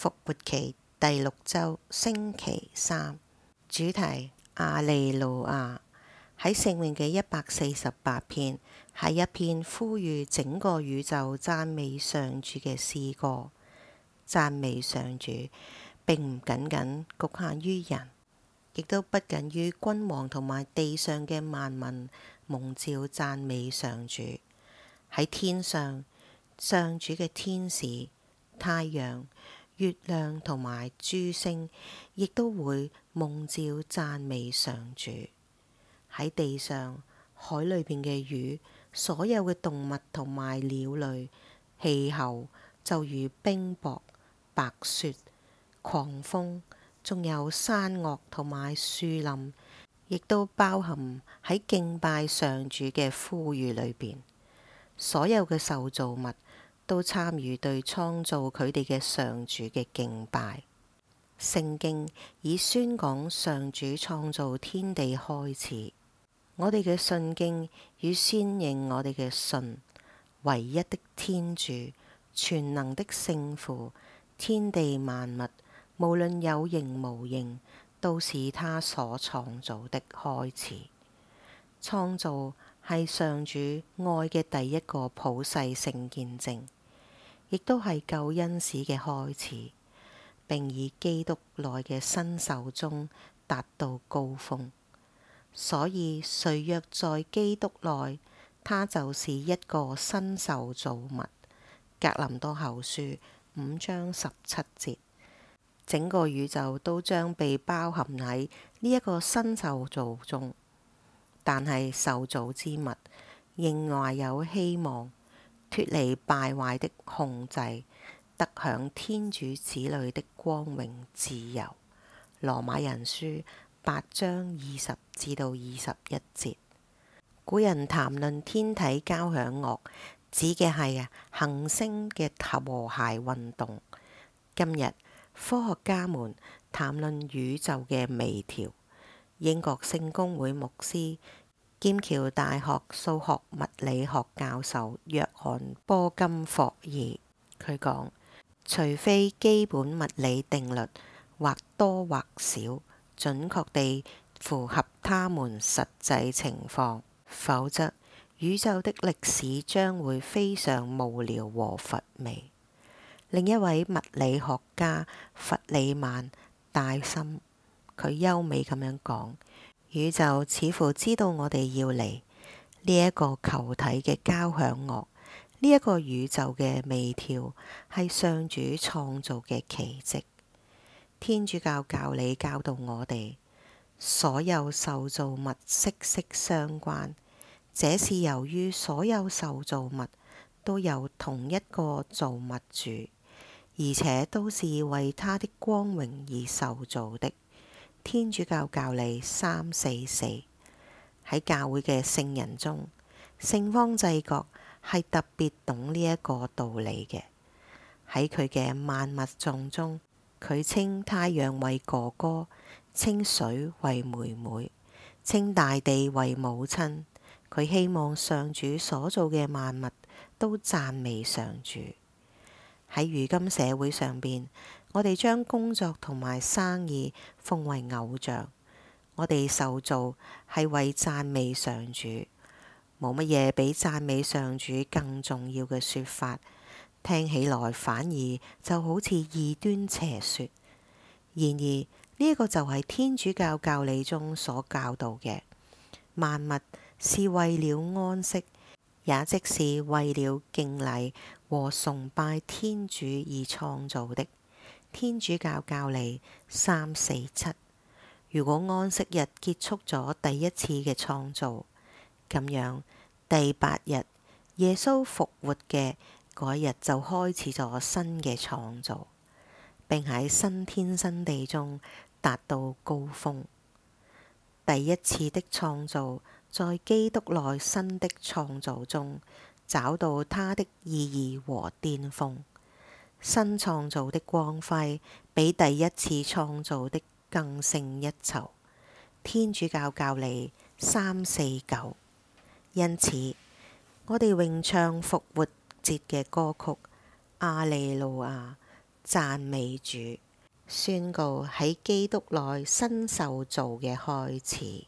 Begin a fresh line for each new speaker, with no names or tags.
復活期第六週，星期三，主題《阿肋路亞》喺聖詠嘅一百四十八篇，係一篇呼籲整個宇宙讚美上主嘅詩歌。讚美上主並唔僅僅局限於人，亦都不僅於君王同埋地上嘅萬民蒙召讚美上主。喺天上，上主嘅天使、太陽。月亮同埋諸星，亦都會蒙召讚美上主。喺地上，海裏邊嘅魚，所有嘅動物同埋鳥類，氣候就如冰雹、白雪、狂風，仲有山岳同埋樹林，亦都包含喺敬拜上主嘅呼籲裏邊。所有嘅受造物。都參與對創造佢哋嘅上主嘅敬拜。聖經以宣講上主創造天地開始。我哋嘅信經以宣認我哋嘅信，唯一的天主，全能的聖父，天地萬物，無論有形無形，都是他所創造的開始。創造係上主愛嘅第一個普世性見證。亦都係救恩史嘅開始，並以基督內嘅新受造達到高峰。所以，誰若在基督內，他就是一個新受造物。格林多後書五章十七節，整個宇宙都將被包含喺呢一個新受造中，但係受造之物仍懷有希望。脫離敗壞的控制，得享天主子女的光榮自由。羅馬人書八章二十至到二十一節。古人談論天體交響樂，指嘅係啊行星嘅和諧運動。今日科學家們談論宇宙嘅微調。英國聖公會牧師，劍橋大學數學物理學教授約翰波金霍爾，佢講：除非基本物理定律或多或少準確地符合他們實際情況，否則宇宙的歷史將會非常無聊和乏味。另一位物理學家弗里曼戴森，佢優美咁樣講：宇宙似乎知道我哋要嚟。呢一個球體嘅交響樂，呢一個宇宙嘅微調，係上主創造嘅奇跡。天主教教理教導我哋，所有受造物息息相關，這是由於所有受造物都有同一個造物主，而且都是為他的光榮而受造的。天主教教理三四四。喺教會嘅聖人中，聖方濟各係特別懂呢一個道理嘅。喺佢嘅萬物頌中，佢稱太陽為哥哥，稱水為妹妹，稱大地為母親。佢希望上主所造嘅萬物都讚美上主。喺如今社會上邊。我哋將工作同埋生意奉為偶像，我哋受造係為讚美上主，冇乜嘢比讚美上主更重要嘅説法，聽起來反而就好似異端邪説。然而呢一個就係天主教教理中所教導嘅：萬物是為了安息，也即是為了敬禮和崇拜天主而創造的。天主教教理三四七，如果安息日結束咗第一次嘅創造，咁樣第八日耶穌復活嘅嗰日就開始咗新嘅創造，並喺新天新地中達到高峰。第一次的創造在基督內新的創造中找到它的意義和巔峰。新創造的光輝，比第一次創造的更勝一籌。天主教教理三四九。因此，我哋詠唱復活節嘅歌曲《阿肋路亞》，讚美主，宣告喺基督內新受造嘅開始。